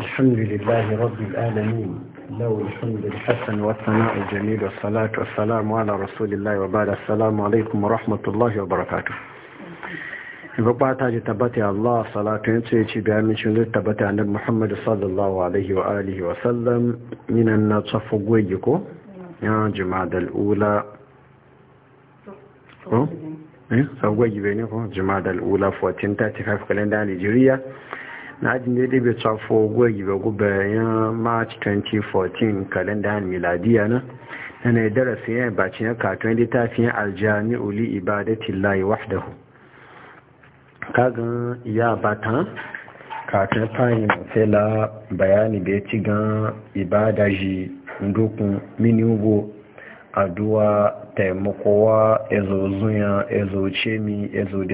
الحمد لله رب العالمين له الحمد الحسن والثناء الجميل والصلاة والسلام على رسول الله وبعد السلام عليكم ورحمة الله وبركاته بقاتا تبتي الله صلاة ينتهي من شنو تبتي عن محمد صلى الله عليه وآله وسلم من النصف قويكو يا جماعة الأولى أه؟ أه؟ سوى جبينيكو جماعة الأولى تاتي 1435 كالندا نيجيريا na ajin da ya bai tsafo gwagi ba gube ya march 2014 kalenda miladiya na na na darasi ya baci ya katon littafin aljami uli ibadatin layi wahdahu kagan ya bata katon fayin mafela bayani da ci gan ibadaji ji miniugo aduwa taimakowa ezo zuya ezo cemi ezo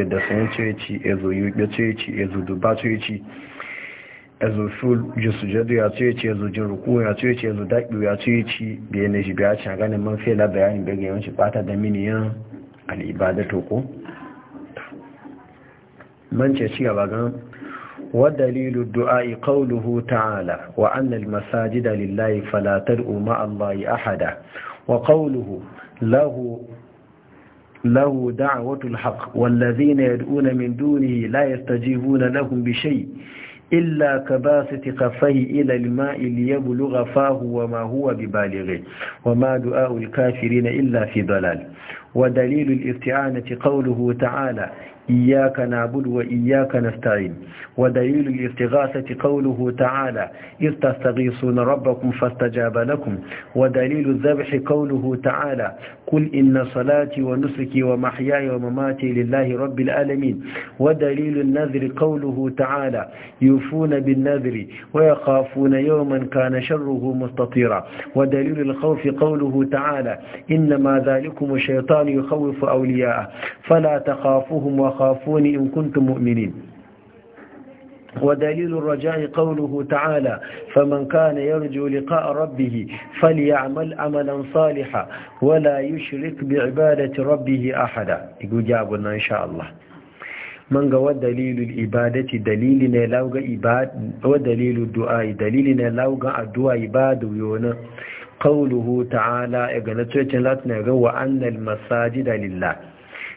ezo yi ezo duba azurful jisujadu ya ce ce yanzu jin ruku ya ce ce yanzu daɗi ya ce ce biyan na shi biya ce a ganin man fela bayanin daga yawanci fata da mini miniyan al'ibadato ko man ce ci gaba gan wa dalilu du'a du'a'i qawluhu ta'ala wa anna al da lillahi falatar tad'u allahi a hada wa qawluhu lahu lahu da'watul haqq wal ladhina yad'una min dunihi la yastajibuna lahum bi shay' إلا كباسط قفيه إلى الماء ليبلغ فاه وما هو ببالغه وما دعاء الكافرين إلا في ضلال ودليل الاستعانة قوله تعالى إياك نعبد وإياك نستعين ودليل الاستغاثة قوله تعالى إذ تستغيثون ربكم فاستجاب لكم ودليل الذبح قوله تعالى قل إن صلاتي ونسكي ومحياي ومماتي لله رب العالمين ودليل النذر قوله تعالى يوفون بالنذر ويخافون يوما كان شره مستطيرا ودليل الخوف قوله تعالى إنما ذلكم الشيطان يخوف أولياءه فلا تخافوهم تخافون إن كنتم مؤمنين ودليل الرجاء قوله تعالى فمن كان يرجو لقاء ربه فليعمل عملا صالحا ولا يشرك بعبادة ربه أحدا يقول جابنا إن شاء الله من قوى دليل الإبادة دليلنا لوغ إباد ودليل الدعاء دليلنا لوغ الدعاء إباد ويونا قوله تعالى إقنطوة لاتنا وأن المساجد لله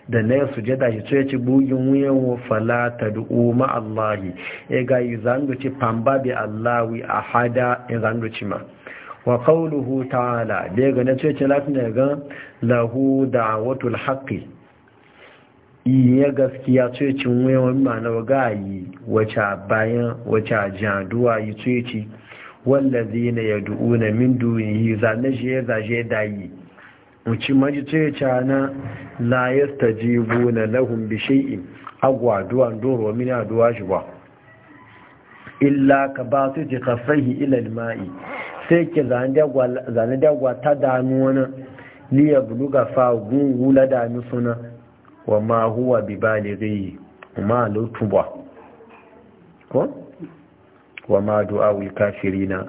da na sujada shi sai ci bugin wuyan falata ta du'u ma Allahi ya ga yi ci pamba bi Allahi ya in ci ma wa qawluhu ta'ala da ga na sai ci latin da ga lahu watul haƙi iya gaskiya sai ci wuyan ma na ga yi wacce bayan wacce janduwa yi sai ci wallazina na min shi ya zaje yi wuce majice cana la yasta jibu na lahun bishe'in agwa duwan doro mini a duwa shi ba illa ka ba su ji kafahi ilal ma'i sai ke zane dagwa ta dami wani liya buluga fa gungu wula dami suna wa ma huwa bi zai ma lutuba ko wa ma du'a wal kafirina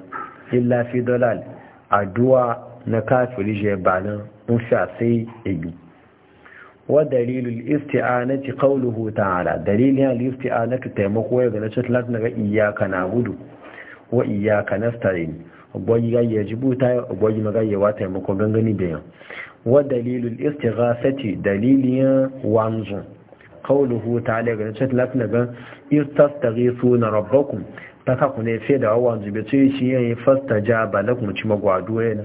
illa fi dalal addu'a na kafiri je banan sai yi wa dalilul isti'anati qawluhu ta'ala dalilin al-isti'anatu taimako ya ga lati lati na ga iyyaka na'budu wa iyyaka nasta'in gwaji ga ya jibuta gwaji ga ya wata taimako gangani da yan wa dalilul istighasati dalilin wanzu qawluhu ta'ala ga lati lati na ga istastaghithuna rabbakum ta ka ku fe da wanzu bi ce shi yayin fastajaba lakum ci magwado yana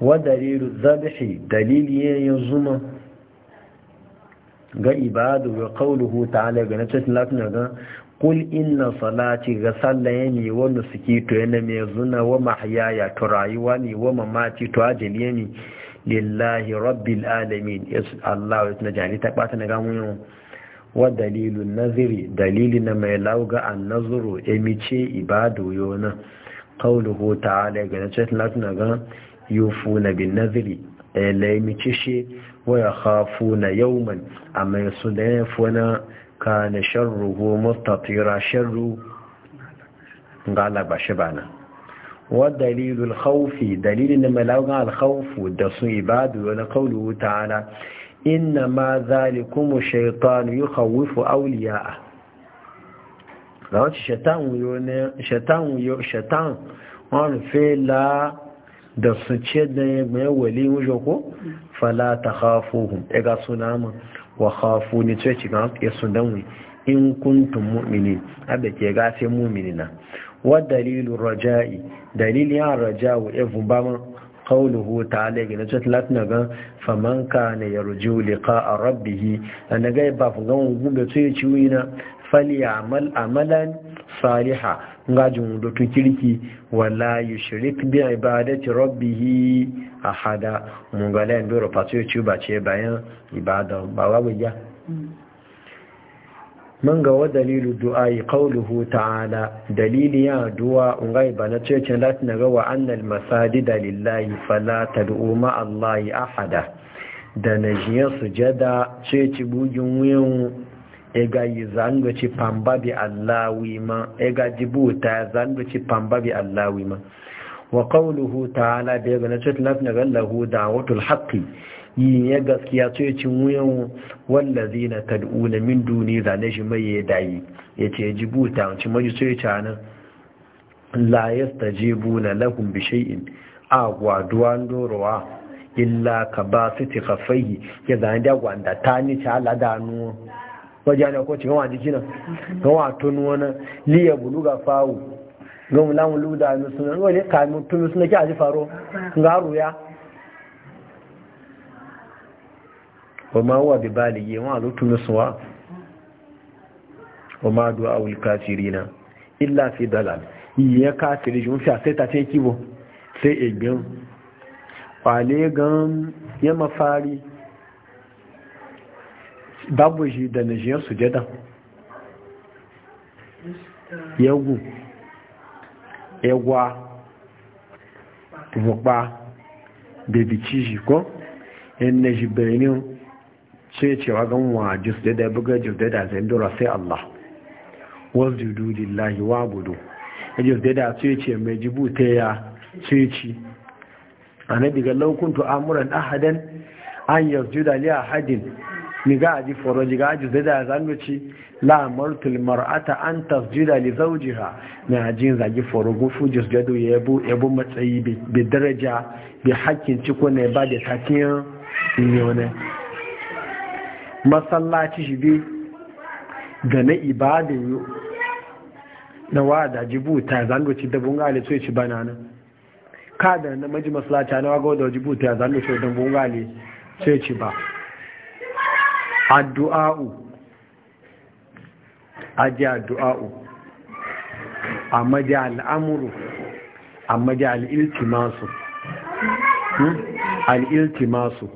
wadariru zabihi dalili ya zuma ga ibadu ga kauluhu ta'ala ga na cikin latin ga kul inna salati ga sallaye ne wa nusuki to yana me zuna wa mahyaya to rayuwa ne wa mamaci to ajali ne lillahi rabbil alamin yesu Allah ya tuna jani ta bata na gamu yau wa dalilun naziri dalili na mai lauga an nazuru emice ibadu yona kauluhu ta'ala ga na cikin latin ga يوفون بالنذر إيه، لا يمتشي ويخافون يوما أما يصدفون كان شره مستطير شر غالب شبانا ودليل الخوف دليل إنما لوغا الخوف دس إباد ولقوله تعالى إنما ذلكم الشيطان يخوف أولياءه لو شيطان يو شيطان يو شيطان وان في لا da su ce da ya mai wali wujo ko fala ta hafu hun ya e ga suna mun wa hafu ne ce ci ya suna danwe in kuntun mu'mini abin ke ga sai mu'mini na wa dalilu raja'i dalilin yana raja'u ya fi ba mun hu ta alaiki na ce tilati na gan famanka na ya ruji wulika a rabbihi da na ga ba fi gan gube tuyi ciwi na fali amalan salihah ngajin tun kirki wala yushrik bi ibadati rabbih ahada mun ga lan doro fasu ya ba bayan ibada ba wa ya mun ga wa dalilu du'ai qawluhu ta'ala dalili ya du'a ungai bana ce ce lati na ga wa annal lillahi fala tad'u ma allahi ahada da najiya sujada ce ci bugin wuyan ega yi zango ci pamba bi allawi ma ega ta zango ci pamba bi allawi ma wa qawluhu ta'ala bi ga na cikin lafna gallahu da'watul haqqi yi ne gaskiya to ya ci wuyan wallazina tad'una min duni zane shi mai ya yace jibu ta ci maji so ya ci la yastajibuna lahum bi shay'in agwa duwan dorowa illa ka ba su ti kafai ya da gwanda ta ni wajen ya kwace gawa jiki nan gawa tunu wani liya buluga fawo gawa lamun luda na suna wani kamun tunu suna ki aji faro ga ruya wa ma wa bi balige wa zo tunu suwa wa ma du'a ul kafirina illa fi dalal ya kafiri jun fi sai ta ce kibo sai egbin kwale gan ya mafari babu shi da najiyar sujada yagu yagwa vukpa da bici shi ko yan na shi benin ce cewa gan wa jisdada buga jisdada zai dora sai Allah wasu Lahi wa budu jisdada ce ce mai jibuta ya ce ci a na diga laukuntu amuran ahadan an yasjuda ya ahadin niga aji foro jiga aji zai da zanduci la martul mar'ata an tasjida li zawjiha na ajin zagi foro gufu jisgado yabo yabo matsayi bi daraja bi hakkin ciko ne ba da takiyan ne masallaci shi bi ga na ibadin na wada jibuta zanduci da bunga ale so ci banana kada na maji masallaci na wago da jibuta zanduci da bunga ale so ci ba addu'a'u aji addu'a'u amma hmm? eh, da al'amuru amma da al'iltimasu al'iltimasu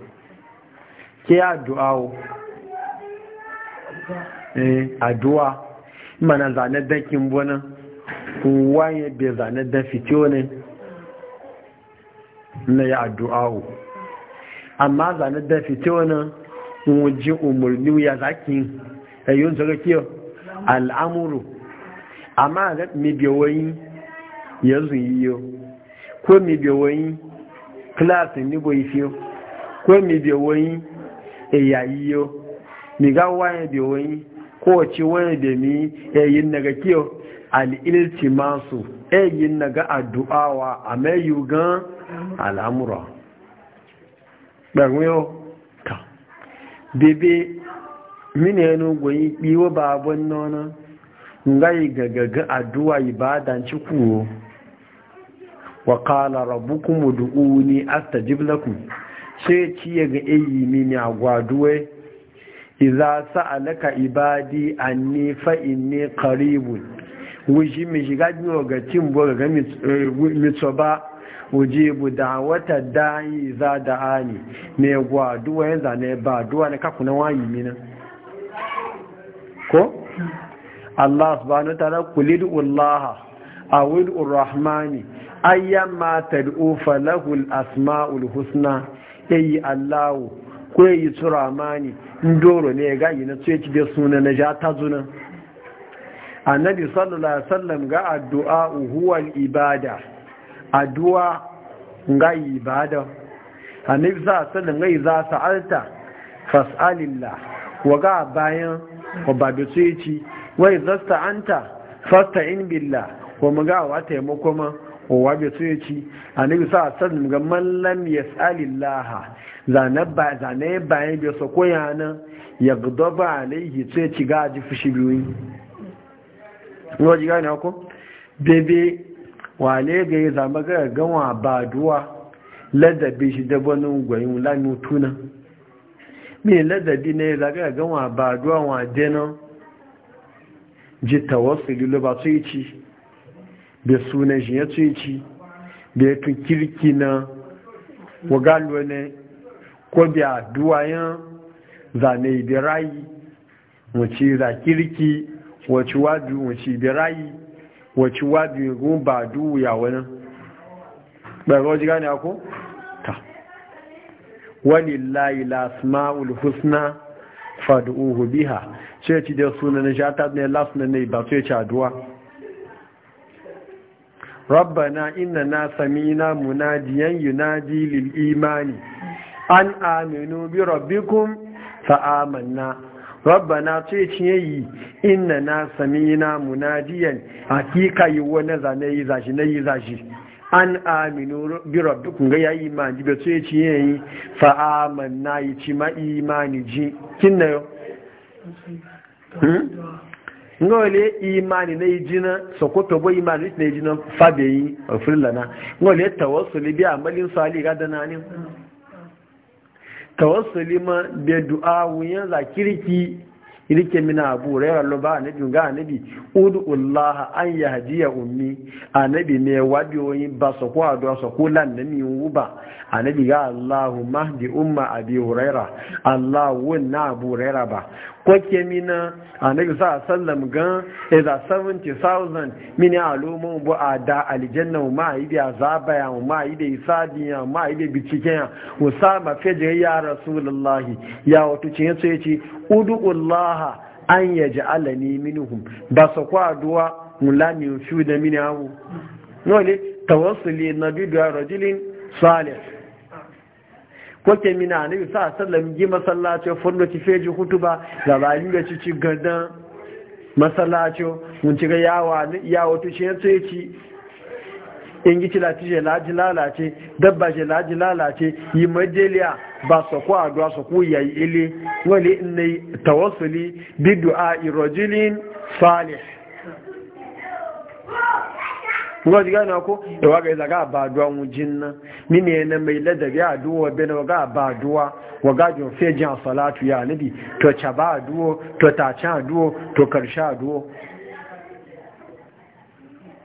ke addu'a'u addu'a mana zane dakin bonan waye be zane da fito ne na ya addu'a'u amma zane da fito ne. ji umarni ya zaki yayin al'amuru amma ga mibiyoyi ya zuyiyo ko mibiyoyi klasin nigoyifiyo ko mibiyoyi yayiyo miga wayan biyoyi ko ci wayan da mi yayin na a bebe mini yano goyi biwa babon nono ngai gagaga addu'a ibadan ciku wa qala rabbukum ud'uni astajib lakum sai ci ga eyi mini agwaduwe idza sa'alaka ibadi anni fa inni qaribun wuji mi shiga ga cin bo ga mitsoba ujibu da wata dayi za da ani ne gwa duwa yin zane ba duwa na kakuna na wayi mina ko? Allah na tara kulidu ullaha a wudu rahmani ayyan ma tad'u falahul asma'ul husna yayi Allahu ko yayi turamani ndoro ne ga yi na tsoye ci da suna na ja ta zuna annabi sallallahu alaihi wasallam ga addu'a uhuwar ibada addu'a ga hannun za sa sallan ga za sa'alta fas'alillah wa ga bayan wa ba da su yaci wai zasta anta in billah wa mu ga wa taimako ma wa ba su yaci annabi sa sallan ga mallam ya yas'alillah zane ba zane bayan bi sa koyana ya gudaba alaihi sai ci ga ji fushi biyu yi bebe wane ga ya zama ga gawa ba duwa ladabi shi da wani gwayin lamu tuna mai ladabi ne zaga gawa ba duwa wa dena ji tawassuli lo ba su ci da sunan shi ya su ci da ya tun kirki na wagalo ne ko da duwa yan zane da wace za kirki wace wadu wace da wacce wadi gun ba ya wani ɓarɓar jiga ne ako? ta wani layi lasma'ul husna fadu'uhu biha ce ci da sunan shata ne lasunan ne ba su ya ci aduwa rabbana inna na samina munadiyan yunadi lil imani an aminu bi rabbikum fa amanna rabbana ce ciye yi inna na samina munadiyan hakika yi wani zane yi zashi na yi zashi an aminu bi rabbikum ga yayi imani be ce ciye yi fa amanna yi ci ma imani ji kinna yo hmm? ngole imani na ijina sokoto bo imani na ijina fabe yi ofirlana ngole tawassuli bi amalin salih gadana ne tawassuli ma da du'a wuyan zakirki irike mina abu rairar loba anabi ga anabi udu Allah an yahdiya ummi anabi ne wabiyoyi ba su ko ado su ko lan mi uba anabi ga Allahu mahdi umma abi huraira Allah na abu huraira ba wake mina a nabi sa sallam gan iza 70,000 mini alomo bu a da aljanna ma yi da zabaya ma yi da isadiya ma yi da biciken ya usama fejiyar ya rasulullahi ya wato cin su ya ce udu'ullaha an ya ji alani minuhum ba su kwa duwa mulami fiye da mini abu nole tawassuli na bidiyo rajulin salih ko ke mina annabi sa sallam gi masallaci fullo ci feji hutuba da ba da ci ci gadan masallaci mun ci ga yawa yawo to shi yace ci in gi lati je laji lalace dabba je laji lalace yi majeliya ba su ko addu'a su ku yi ile wali inni tawassuli bi du'a rajulin salih kuma ji gane ko yawa e ga zaga abaduwa mujin nan mini yana mai ladabi aduwa wa ga abaduwa waga jin fejin a salatu ya nabi to caba aduwa to tace aduwa to karshe aduwa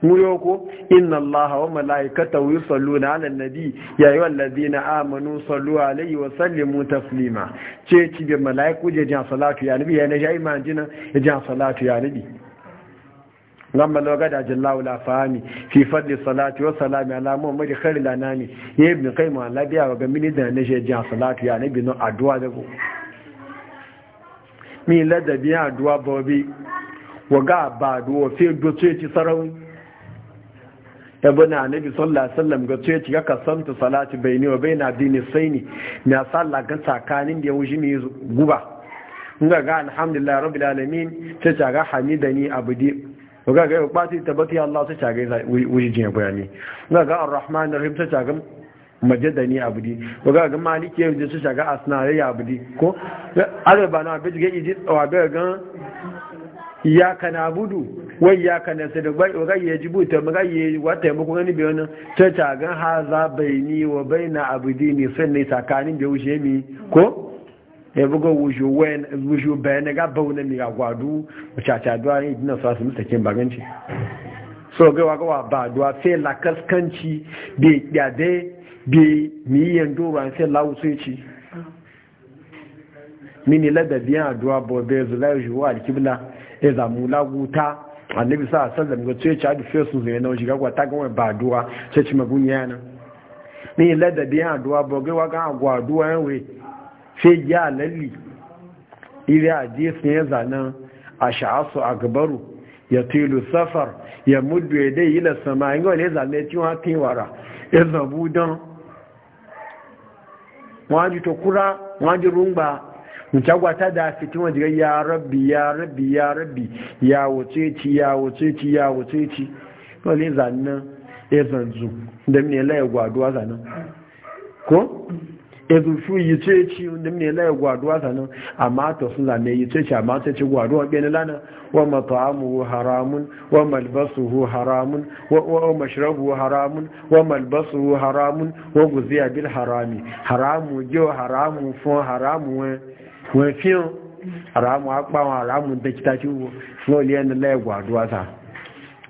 muyo ko inna Allah wa malaikatahu yusalluna 'alan nabi ya ayyuhal na amanu sallu 'alaihi wa sallimu taslima ce ci bi malaiku je jan salatu ya nabi ya ne jina manjina e jan salatu ya nabi lamma loga da jin laula fahami fi fadli salati wa salami ala muhammad khairil lanami ya ibn qayyim ala biya wa ga mini da na je jan salatu ya nabi no addu'a da go mi la da biya addu'a bobi wa ga ba do fi do ce ci sarau ibn e annabi sallallahu alaihi wasallam ga ce ci ga kasanta salati baini wa baina dini saini na sallah ga tsakanin da ya wuji mi guba nga ga alhamdulillah rabbil alamin ce ta ga hamidani abdi ga ga ba ta tabbati Allah ta tage wuri jin bayani ga ga Ar-Rahman Ar-Rahim ta tage majadani abudi ga ga Maliki ya ji ta tage asna ya abudi ko arba na bi ga ji wa ga ga iyyaka na'budu wa kana nasta'in wa ga yajibu ta ga yi wata mu kun ni bi wannan ta tage haza baini wa baina abudi ni sanne tsakanin da wuce mi ko ya buga wushu wayan wushu bayan ga bauna mi ga gwadu chacha duwa ne dina su asu mutakin baganci so ga waga wa ba duwa fe la kaskanci bi dade bi mi yan duro an fe lawu sai ci mini lada biyan aduwa bo be zulai juwa alkibla e za mu laguta annabi sa sallam ga ce ci adu fe su zai na shiga gwata ga ba duwa sai ci magunya nan mini lada biyan aduwa bo ga waga agwa duwa we sai ya lalli iri a jesun ya zanen a sha'asu a gabaru ya tilu safar ya mudu ya dai ila sama yin wale zane ci wa tewara ya zabu don waji to kura waji rumba nkyagwata da fitin wa jiga ya rabbi ya rabbi ya rabbi ya wuce ci ya wuce ci ya wuce ci wale zanen ya zanzu da mine laye gwaduwa zanen ko ezu su yi ce ci da ne laye gwaduwa sanin a mata su zane yi ce ci a mata ci gwaduwa ɓeni lana wa mata'amuhu haramun wa malbasuhu haramun wa mashrabuhu haramun wa malbasuhu haramun wa guziya bil harami haramu jo haramu fun haramu wani fiye haramu akpawan haramun da kita ci wo sun oliyan laye gwaduwa sanin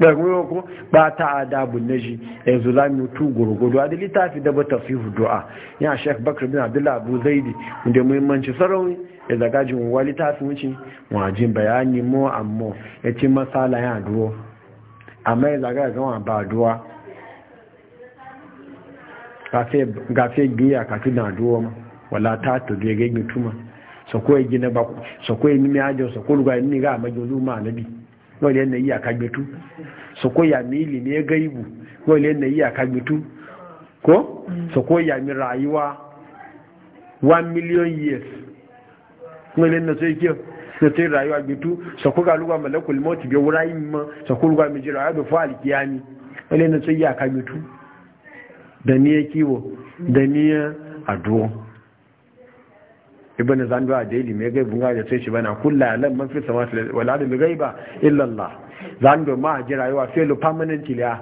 ɗaru yau ba ta adabu na shi yanzu lami tu gurgudu a da littafi da bata fi du'a ya shek bakar bin abdullah abu zaidi da muhimmanci sarauni ya zaga jin wa littafi wuce wajin bayani mo amma ya ce masala ya duwa amma ya zaga zama ba duwa gafe giya kati na duwa ma wala ta to ya sakwai gina sakwai nimi ajiyar sakwai ga zuma na biyu wani yana yi a kagbetu su ko mili ilimi ya ibu, wani yana yi a kagbetu ko su ko yami rayuwa 1 million years wani yana so yake na sai rayuwa gbetu su ko ga lugwa malakul mawuti bai wura yin ma su ko lugwa mai ji rayuwa bai fa'al kiyami wani yana so yi a kagbetu da ni ya kiwo da ni ya aduwa ibn zandu a daily mai gaibun gaja sai shi bana kulla lan man fi sama wal da gaiba ba. allah zandu ma ji rayuwa felu permanent ya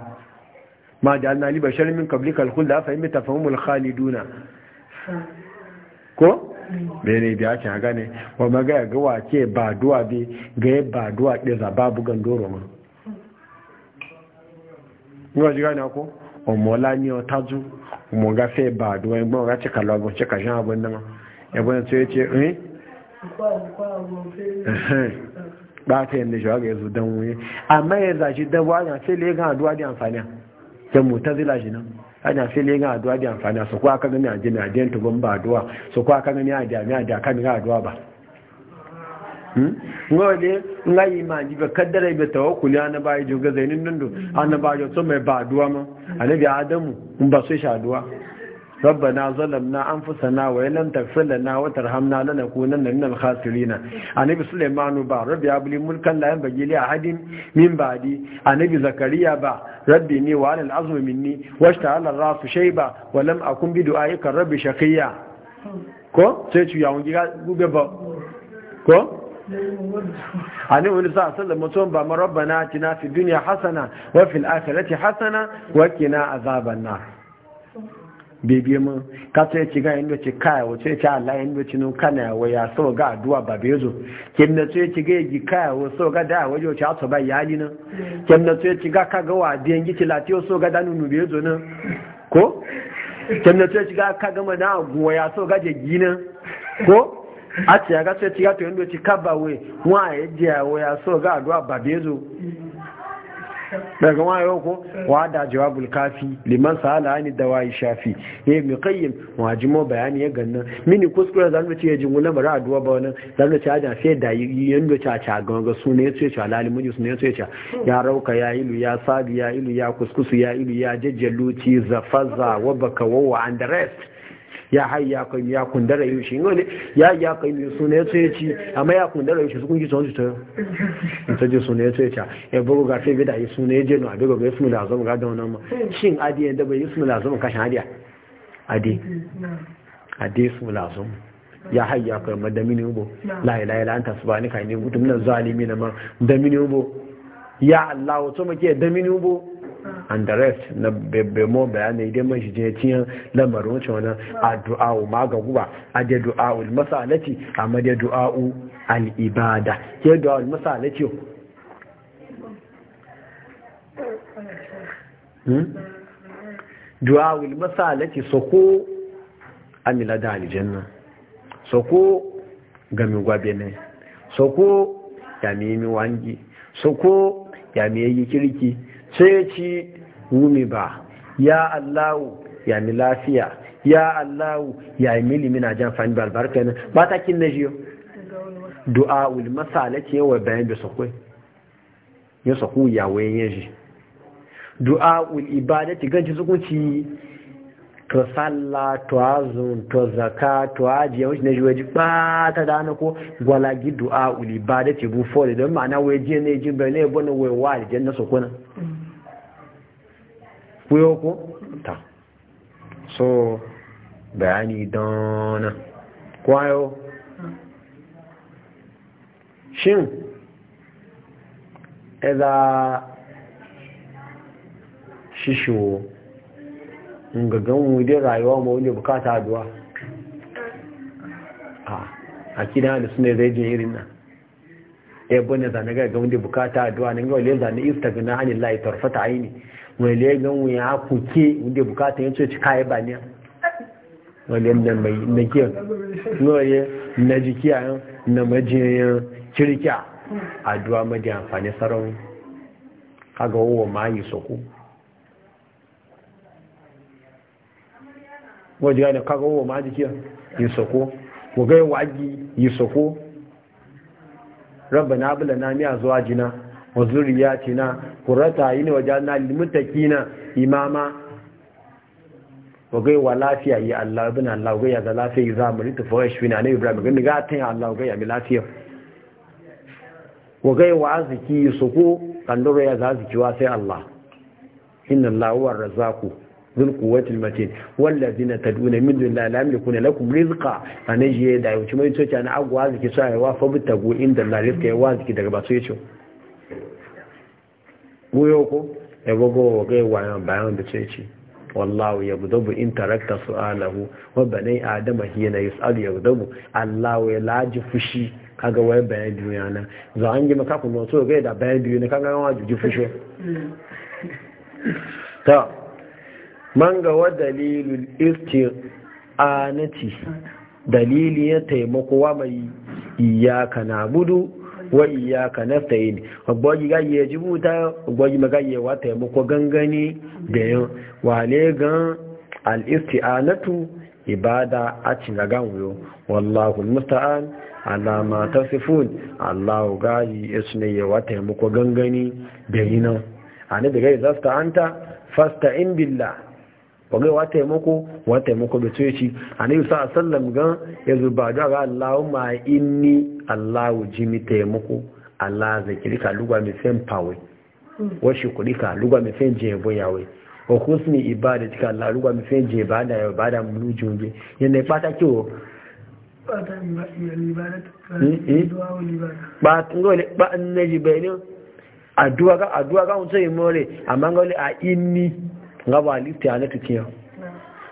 ma ja'alna li basharin min qablikal khulda fa imma tafahumul khaliduna ko bene bi ake haga ne wa maga ga wace ba duwa bi ga ba duwa ɗin za bugan doro ma ní ko? O mola ọmọ ọlá ní ọtájú ọmọ ọgá fẹ́ bá àdúwẹ́ gbọ́n ọgá tí kàlọ́ ọgbọ̀n tí kàṣán àbọ̀ náà yabon sai ya ce eh, eh? ba ta yadda shi haka ya zo don wuye amma ya zaci don wa ya sai legan aduwa da amfani ya mutar zila shi nan ana sai legan aduwa da amfani su kuwa aka gani a jini a diyan tuban ba aduwa su kuwa aka gani a jami'a a da kan ga aduwa ba hmm? ngole nga imani ba kaddara ba tawakkuli ana ba yi jogazainin dundu ana ba yi so mai ba aduwa ma annabi adamu in ba so shi aduwa ربنا ظلمنا أنفسنا وإن لم تغفر لنا وترحمنا لنكونن من الخاسرين النبي سليمان با ربي أبلي ملكا لا ينبغي لأحد من بعدي النبي زكريا با ربي ني وعلى العظم مني واشتعل الرأس شيبا ولم أكن بدعائك ربي شقيا ko sai ci yawon gida gube ba ko ani wani sa sallar mutum ba ma rabbana tina fi duniya hasana wa fil akhirati hasana wa qina azaban nar bebe mu ka sai ci ga inda ci kaya wace ci Allah inda ci nun kana wa ya so ga addu'a ba be zo kin da sai ci ga yi kaya wa so ga da wajo ci aso ba yali nan kin da sai ci ga ka ga wa den gi ci latiyo so ga danu nu be zo nan ko kin da ci ga ka ga mana guwa ya so ga je gi nan ko a ci ga sai ci ga to inda ci kaba we wa ya je wa ya so ga addu'a ba be zo daga ma yau ko wa da jawabul kafi liman sala ani dawai shafi eh mi qayyim wa jimo bayani ya ganna mini kuskure zan ya ya jingu na bara aduwa ba wannan zan ce aja sai da yando cha cha ga ga sune ce cha lali sune ce cha ya rauka ya ilu ya sabi ya ilu ya kuskusu ya ilu ya jajjaluci zafaza wa baka wa and the rest ya hai ya kai ya kundara yau shi ne ya ya kai mai suna ya tsaye ci amma ya kundara yau shi kun ji tsohon ta in ta ji suna ya tsaye ci ya bugu ga sai bida yi suna ya jenu a abiga ga ismu da zama ga da wannan ma shin adi yadda bai ismu da zama kashin adi adi adi zama ya hai ya kai ubo la ma damini ubo ya allah wato make damini ubo and the rest na bebemo bayanai dai man shi je tiyan lamarin wancan wannan addu'a ma ga guba ade du'a ul masalati amma da du'a al ibada ke du'a ul masalati hmm du'a ul masalati soko amila da aljanna soko gami gwabe ne soko ya mi mi wangi soko ya mi yi kirki sai ci wumi ba ya allahu ya mi lafiya ya allahu ya yi mili mina jan fani ba albarka ne ba ta kin na jiyo du'a ul masala ce wa bayan da sakwai ya sakwu ya wayan yaji du'a ul ibadati ganci sukunci to sallah to azun to zaka to ajiye wacce na jiwaji ba ta dana ko gwalagi du'a wuli ul ibadati bu fori don ma'ana jiya ne jin bai ne bane wai wa aljanna sokuna kuyo ko ta so bayani dana kwayo shin ɗaza shishiwo gagan wudin rayuwa ma wani bukata aduwa a kina da suna zai jin irin nan ya e, bane zane ga wani bukata aduwa ne ga wale zane istagna hannun lai tarfata aini wale gan ya kuke inda bukata ya ce cika ya ne wale na mai na kiyan wale na jikiya na majiyayen kirkiya addu'a maji amfani sarari kaga wowa ma yi soko wajen yana kaga wowa ma jikiya yi soko wagai wagi yi soko rabba na abula na miya zuwa jina wa zuriyatina qurrata ayni waj'alna lil muttaqina imama wa wa lafiya ya Allah ibn Allah wagai ya da lafiya yi zamani to fawash fi na ne Ibrahim gai ga tan Allah wagai ya mi lafiya wa wa aziki su ko kandoro ya zaziki wa sai Allah inna Allah huwa ar-razzaqu dhul quwwati al-matin ladina tad'una min dunillahi la yamlikuna lakum rizqa anaje da yuci mai tsoci na agwa aziki sai wa fa bitagu inda Allah rizqa ya wa aziki daga ba so yace goyo ko ya gogo wa gai wayan bayan da ce ce wallahu ya gudubu in tarakta su'alahu wa banai adama na yus'al ya gudubu allahu ya laji fushi kaga wayan bayan duniya na za an gima maka no so gai da bayan duniya kaga yawa ji fushi hmm. ta man ga wa dalilul isti'anati hmm. dalili ya taimako wa mai iyaka na budu wa iyyaka ne ogbogi ga ye jibuta ogboji ma ga ye wa muku gangani da yau wale gan al-isti'anatu ibada a cina ganwuyo wallahu musta'an alama ta tasifun Allahu gaji ya suna ya wata ya muku gangani da yi nan a ne daga yi zasta an ta fasta in billah wagai wa taimako wa taimako da ce shi annabi sa sallam gan ya zuba da ga Allahumma inni Allahu jimi taimako Allah zakirika lugwa mi fen pawe wa ka lugwa mi fen hmm. jebo yawe wa husni ibadatika Allah lugwa mi fen je bada ya hmm, hmm. bada mulu junje yana fata kiwo ba ngole ba annaji bayani addu'a ga addu'a ga yi more amma ngole a inni Nga lifti a natu kiyan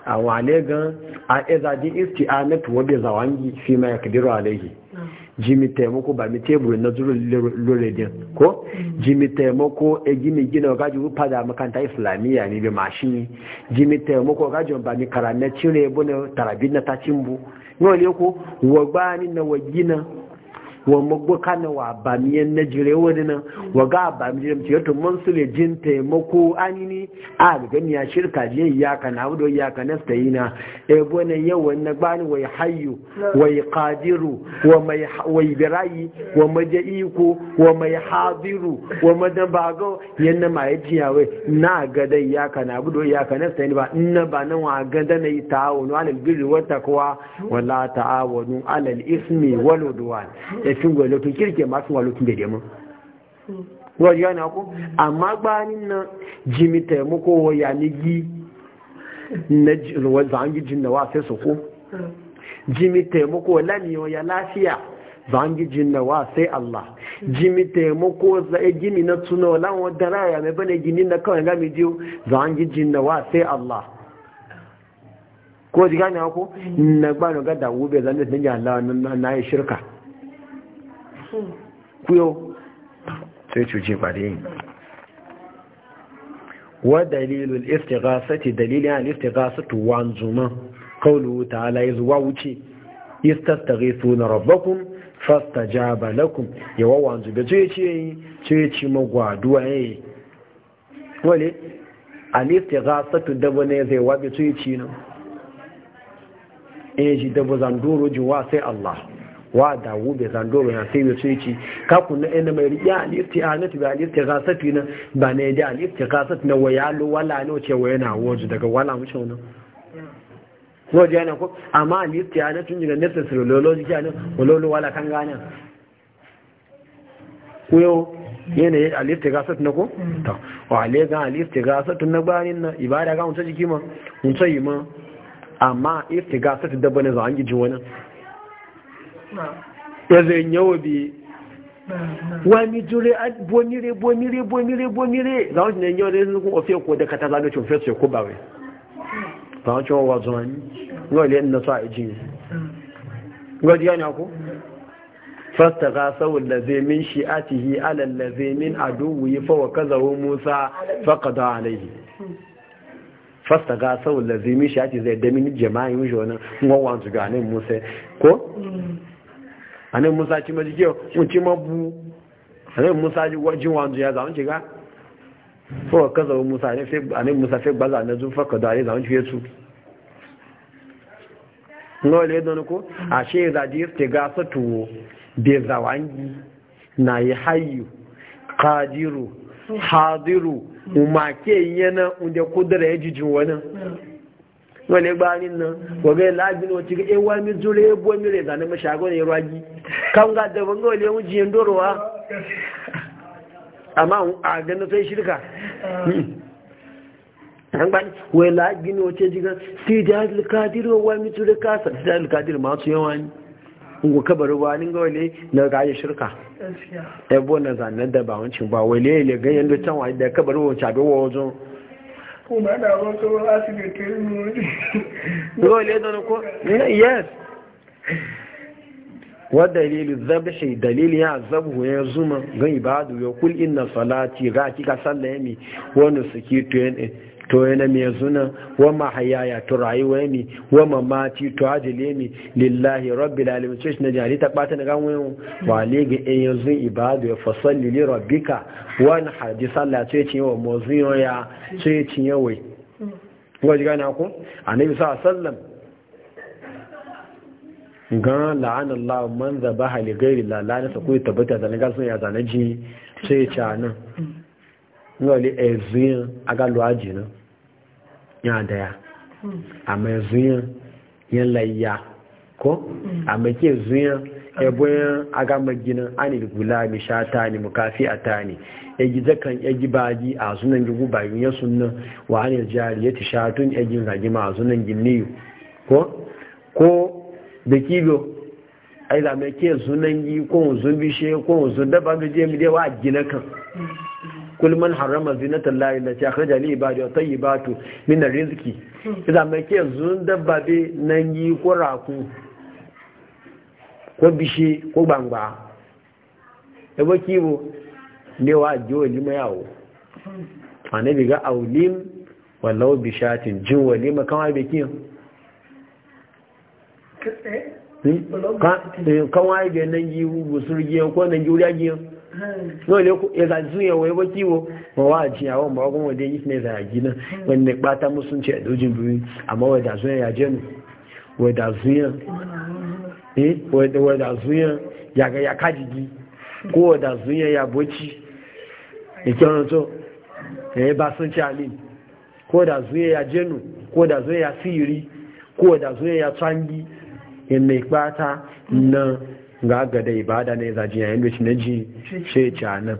a wale gan a ezajin isti a natu wabe zawangi fi mai kadiru alaihi jimi taimako ba mi teburu na zuru loredin ko jimi taimako e gini gina gaji wupa da makanta islamiyya ne bi mashin jimi taimako gaji ba mi karanna cire bu na ta na tacin bu yau ko wa gbani na wa gina wa magbuka na wa bamiyan na jire wani nan wa ga bamiyan ce yato mansule jin taimako anini a gani ya shirka ya iyaka na abu iyaka na stayina ebo bone yawan na gbani wai hayyu wai qadiru wa mai birayi wa iko wa mai hadiru wa madabago yanna ma ya jiya wai na ga ya iyaka na abu iyaka na stayina ba na ba nan wa ga na yi ta'awunu alal birri wa wa wala ta'awunu alal ismi wal udwan efin gwai lotun kirke masu wa lotun daidai mun wajen yana ku amma gbanin nan jimi taimako wa yanigi na zangi jin da wa sai su ku jimi taimako wa lamiyo ya lafiya zangi jin da wa sai Allah jimi taimako zai e gini na tuno lawan dara ya mai bane gini na kawai gami jiyo zangi jin da wa sai Allah ko ji gane ku na gbanu ga dawo bai zan da tunya Allah na yi shirka kuyo sai cuce ɓare yi wa dalilul istighasati dalilin al-istighasatu wanzuma qawluhu ta'ala yazwa wuce istastaghithuna rabbakum fastajaba lakum yawa wanzu ga ce ce ce ce magwaduwa yayi wale al-istighasatu dabo ne zai wabi ce ce nan eh ji dabo zanduro ji wa sai Allah wa da gobe zandoro ya sai yace yake kakun na ɗan mai riya alifti anati ba alifti sati na ba ne da alifti sati na waya lo wala ne ce waya na wajen daga wala mu shauna Wajen yana ko amma alifti anati ne ne sai loloji ki ana lolo wala kan gana ko yo yanayi alifti sati na ko mm. ta wa ale ga alifti gasat na gbanin na ibada ga mun jiki ma mun yi ma amma ifti gasat dabba na za an ji wani ya zai yawa bi wani jure bonire bonire bonire bonire za wajen yanyi wani zai kuma ofe ko da kata zaga cin fesu ya kuba wai ba wancan wa zuwa ni wani yan nasu a iji ne gwaji yana ku fasta ga sauwun laze min shi'atihi alal laze min aduwu yi fawa kazawo musa faƙada alaihi fasta ga sauwun laze min shi'ati zai damin jama'i mishi wani wawan su ganin musa ko mm. anan musa ci ma jike mun ci ma bu anan musa ji wajin wanzu ya zaun ci ga ko ka zo musa ne musa fe baza na zu fa ka da ya zaun ci yesu no le don ko a she da dir te ga sa tuwo be zawangi na yi hayu, qadiru hadiru umake yana unde kudura ya jijin wani wale gbanin nan waga lajin wacce ga ewa mi zure ebo mi re zanen mashago ne ragi kan ga da banga wale yawon jiyan dorowa amma a ganin sai shirka an gbani wai lajin wacce jiga sai da alkadir wa mi zure kasa sai da alkadir masu yawa ne ungu kabaru ba ni ga wale na gaje shirka ebo na zanen da ba wancin ba wale ya le ganyen da can wa da kabaru wa cabe wa wajen kuma da wasu asibiti dole da ko yes wadalilu zabhi dalili ya zabu ya zuma ga ibadu ya kul inna salati ga kika sallami wa nusuki to to yana mai suna wa hayaya to rayuwa ne wa mati to ajile ne lillahi rabbil alamin sai na jari ta bata na wayo wa ga in yanzu ibadu ya fasalli li rabbika wa na hadi sallah sai ce wa mozin ya sai ce yawai ko ji gana ku annabi sallallahu alaihi wasallam gan la'ana Allah man zabaha li ghairi la la nasa tabbata da ga sun ya zanaji sai ya ci anan ngoli ezin aga lo ajina ya da ya a mai zuyan yin layya ko a mai ke zuyan ebonyan agama ginin anil gula mi sha ta ne mukafi a ta ne egi zakan egi baji a sunan gugu bayan ya suna wa anil jari ya tishatun egin ragima a sunan giniyu ko ko da kilo ai da mai ke sunan gi ko zun bishe ko zun daba ga je mu dai wa gina kan kul man harrama zinatan la ilaha akhraja li ibadi wa tayyibatu min arziki idan mai ke zun dabba be nan yi ko raku ko bishi ko gbangba e ba kibo ne wa jiwo lima yawo annabi ga aulim wallahu bishatin jin walima kama be kiyo eh? hmm? eh, kan wa ga nan yi busurgiyo ko nan yi wuriya dole ku ya zanzu ya wai baki wo ma wa ji ya won ba gon wa dai ne za ji na wanda bata musun ce dojin biyu amma wai da zuwa ya je mu wai da zuwa eh wai da wai da zuwa ya ga ya kajigi ko da zuwa ya boci e kyon to eh ba sun ci alim ko da zuwa ya jenu ko da zuwa e na ga gada ibada ne za jiya yin shi na ji ce canan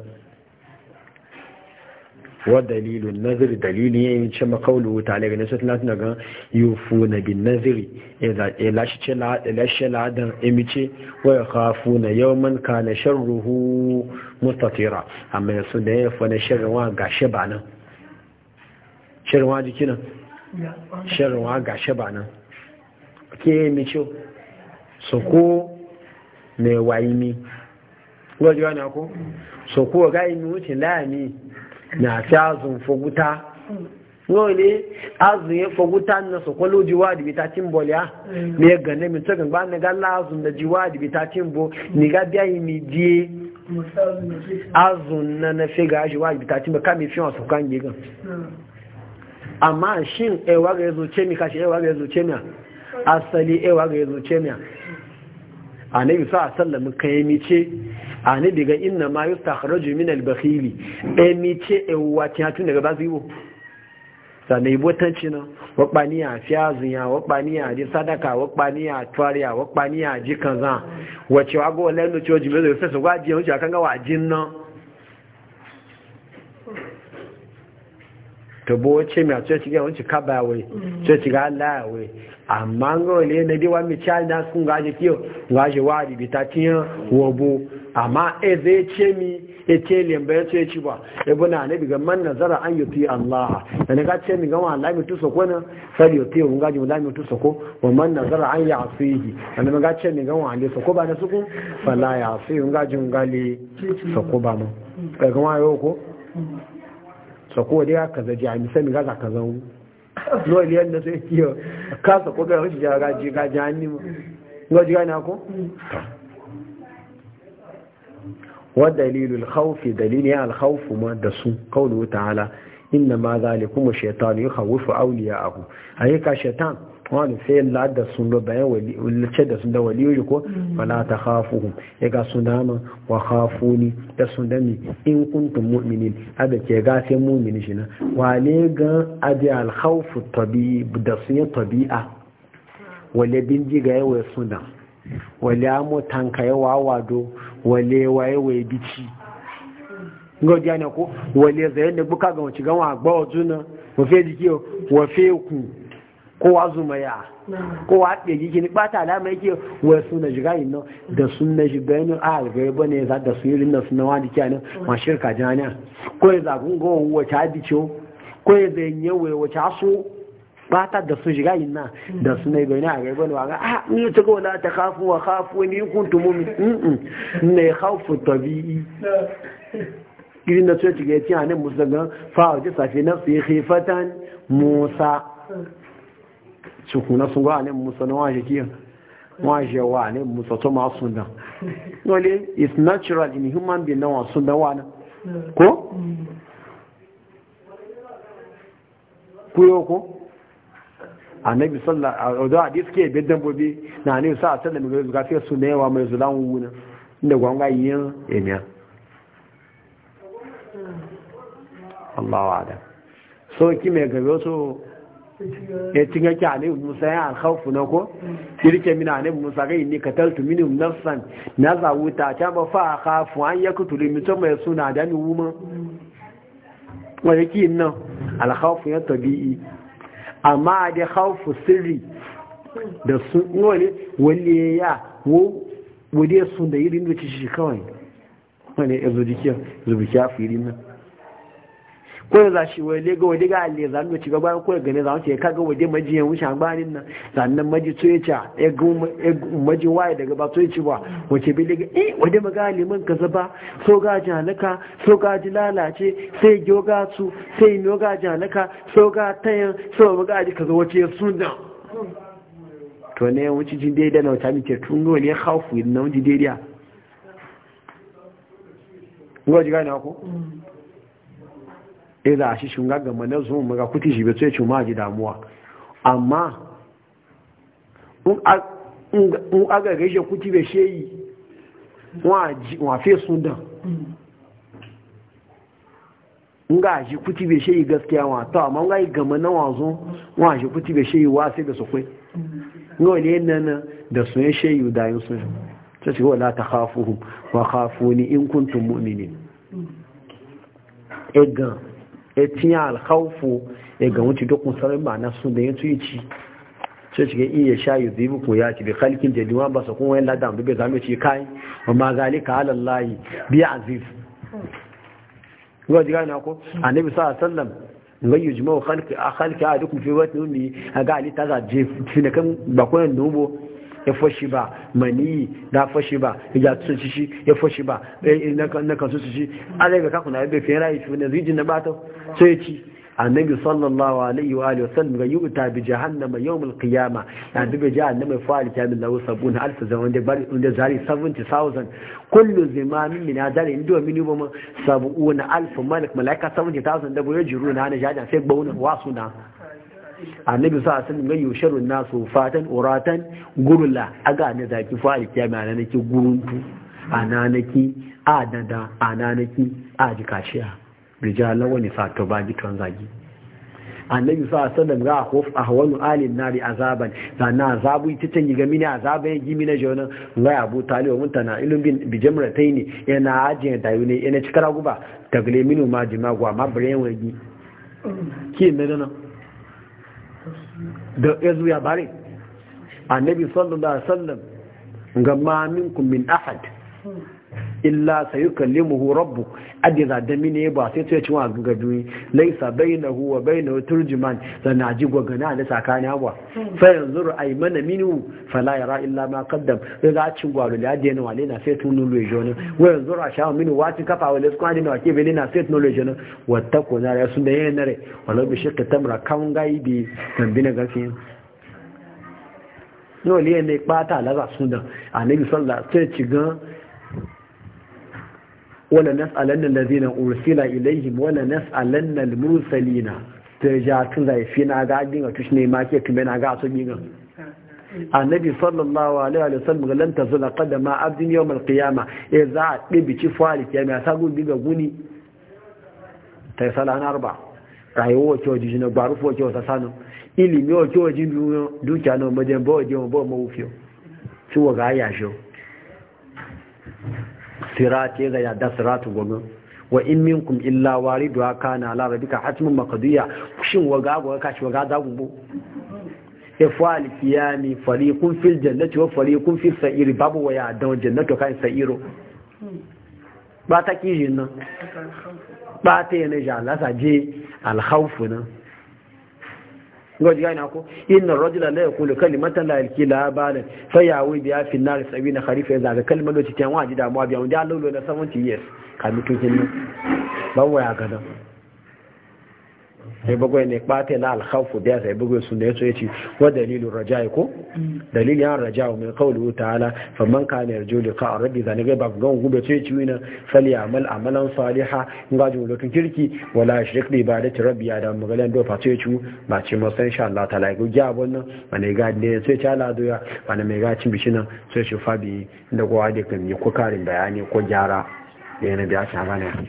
wa dalilun nazir dalilin yayin ce makaulu wuta ne ganin sai latin daga yufu na bin naziri ya lashe ladan emice wa ya kafu na yawman ka na sharruhu mustatira amma yasu da ya fa na sharruwa ga shaba nan sharruwa jiki nan sharruwa ga shaba nan ke emice su ko mai imi mi wajen na ku so kuwa gayi mi wuce na fi azụ foguta wani azun ya foguta na so kwallo jiwa da bita timbo ya ne gane mi tsokan na gala azun da jiwa da bita ni ga biya yi mi azụ na na fi ga jiwa da bita asali ga annabi sa sallam kai mice annabi ga inna ma yustakhraju min al-bakhili e mice e wati hatun daga ba zibo sanai botanci na wakpani a fiyazun ya wakpani a ji sadaka wakpani a tuwariya wakpani a ji kaza wace wago wala yadda Me jimbe zai fesa gwaji ya wuce akan gawa jin nan to bo ce mi a ce cikin ga wuce kaba we ce ci ga Allah we amma ngo le ne di wani mi na sun ga je kiyo ga je wa di ta tiyan wo bo amma e ze ce mi e ce le mbe ce ci ba e buna ne bi ga man nazara an yuti Allah ne ga ce mi ga wa Allah mi tu soko na fa yuti un ga je Allah tuso tu soko wa man nazara an ya asihi ne ga ce mi ga wa Allah soko ba na suku fa la ya asihi ga je un tuso ko soko ba mu ga ga wa yo ko sako da ya kaza jami sai mi gaza kaza wu no ile yanda sai kiyo ka sako ga rashi ja gaji ga jani mu ga ji gani ko wa dalilul khawf dalili al khawf ma da su wuta hala inda ma shaitan yi auliya shaytanu a yi ka shaitan wani sai ladda sun lo bayan wulce da sun da waliyoyi ko wala ta khafuhum ya ga su dama wa ni da sun da ni in kuntum mu'minin hada ke ga sai mu'mini shi na wale ga adi al khawfu tabib da sun ya tabi'a wale bin ga yawa suna wale amu tanka yawa wado wale waye waye bici ngodiya ne ko wale zai ne buka ga wancin gawa gba ojuna wafe wa wafe ku kowa zumaya kowa ɗaya gini ɓata alama yake wai suna shiga yin nan da suna shiga yin a algari ba ne za da su yi rinna suna wani kya nan ma shirka jana ko ya zagun gowon wace adice ko ya zai yi wai wace aso ɓata da su shiga yin nan da suna bai na algari ba ne wa ga a ah, ni ta ga wala ta kafu wa kafu ni kun tumo mi ne kafu tabi'i irin da su ya ci ga ya ci a musa gan fa'a wajen safi na su yi khifatan musa sukuna sun ga ne musa na waje kiyan waje wa ne musa to ma sun da wale it's natural in human being na sun da wani ko kuyo ko annabi sallallahu alaihi wasallam hadisi ke bi dambobi na annabi sallallahu alaihi wasallam ga gafe su ne wa mai zulan wuna inda yi yin emiya Allah wa'ada so ki mai gabe so ya ci ga a musa ya alkhawfu na ko shirke mina ne musa ga inni kataltu minhum nafsan na zawuta ta ba fa khafu an yakutuli mutum mai suna da ni wuma wa yake inna alkhawfu ya tabi'i amma da khawfu sirri da su wani wani ya wo wani sun da irin da ci shi kawai wani ya zubikiya zubikiya filin nan ko za shi wani lega wadi ga alle za mu ci gaba ko ga ne za mu ce kaga wadi maji yan wucin gbanin nan sannan maji tsoye ta ya e e maji waye daga ba tsoye ci ba wace bi lega eh wadi maga liman kaza ba so ga janaka so ga ji lalace sai gyoga su sai no ga janaka so ga tayan so maga ji kaza wace suna. to ne wuce jin daidai na wata mike tun ne khaufu na wuce daidai ngoji gane ko ila shi shunga ga mana zuwa ga kuti shi bai ce ci ma damuwa amma in aga gaishe kuti bai be yi wa fi sudan in ga shi kuti be yi gaskiya wa to amma ga gama na wazo wa shi kuti be yi wa sai da su kwai ga wani yana da su ya sheyi da yin su ta ce wala ta khafuhum wa khafuni in kuntum mu'minin egan ya tiya ya ga wuce dukkan sarin ba na sun da ya e tuyi ci sai shiga iya sha yi zai buku ya ci bi kalkin jeliwa ba su kuma yin ladan dubbe zame ci kai wa ma zalika ala lahi bi aziz ga ji ko annabi sallallahu alaihi ngai yujma'u khalqi a khalqi ahadukum fi watni ummi aga ali ta za je fi kan bakwai dubo ya fashi ba mani da fashi ba ya tsun ci shi ya fashi ba eh, eh, na kan su shi alai ga kakuna ya bai fiye rayu shi wanda zijin na bata sai ci annabi sallallahu alaihi wa alihi wasallam ga yuta bi jahannama yawmul qiyama ya dubi jahannama fa alkamin lahu sabuna alf zaman da bari inda zari 70000 kullu zimamin min adari indo min ba sabuna alf malak malaka 70000 da boye jiruna na jaja sai gbauna na annabi sa sun ga yusharun nasu fatan uratan gurula aga ne zaki fa alkiyami ananaki guruntu ananaki adada ananaki ajikashiya rijalan wani fato ba gitan zagi annabi sa sallam ga hof ahwanu alin nari azaban na azabu ita can yi a azaba ya gimi na jona ga abu talib mun tana ilun bin bijamrataini yana ajiye dayu ne yana cikara guba tagle minu ma jima gwa ma bare wani ki ne nan da ya zuya bare annabi sallallahu alaihi wasallam ga ma minkum min ahad illa sayukallimuhu rabbu adiza da mine ba sai ta ci wa gaduwi laisa bainahu wa bainu turjuman da ji gwagana da sakani abuwa fa yanzu ai mana minu fala yara illa ma qaddam sai za ci gwaro da yadda na wale na sai tunu lo jona wa yanzu ra sha minu wa ci kafa wale skwani na ke bele na sai tunu lo jona wata ko na sun da yana nare wala bi shakka tamra kan gaibi kan bina gafi no le ne pata la ba sunan anabi sallallahu alaihi wasallam sai ci gan wala nas'alanna allazina ursila ilaihim wala nas'alanna al-mursalina ta ja tun zai fi na ga ajin a tushne ma ke tume na ga a sun yigan annabi sallallahu alaihi wa sallam lan ta tazula qadama abdin yawm al-qiyama e za a dibi ci fari kiyama sa gun diga guni ta sala na arba rayuwa ke waje jina barufo ke wasa sanu ilimi ke waje dukiya na majen bawa je mawa mawa fiyo ci wa ga ya shi sirati ga ya da siratu gobe wa in minkum illa waridu aka na ala rabbika hatman maqdiya shin waga ga ka shi waga zagun bo ifwal qiyami kun fil jannati wa kun fil sa'iri babu waya dan jannatu kan sa'iro ba ta kijin nan ba ta yana jalasa je al khawfu nan gaji gani ko inna rajula la yaqulu kalimatan la yalki la balan fa yawi biya fi nar sabina kharifa yanzu ga kalmar da cikin waji damuwa biya wanda Allah lolo na 70 years ka mutu kin nan ba waya ga sai bagwai ne ɓata na alkhawfu da sai bagwai sun da ya ce wa dalilin ko dalilin yan raja'u min qawli ta'ala faman kana yarju liqa rabbi zan ga babu gan gube ce ci wina sali amal amalan saliha in ga jumulo kirki wala shirk bi ibadati rabbi ya da magalan do face ci ba ce mu san insha Allah ta'ala ga ga wannan wani ga ne sai ta la doya wani mai ga cin bishinan sai shi fabi da kowa da kan yi ko karin bayani ko gyara da yana da shi a bane.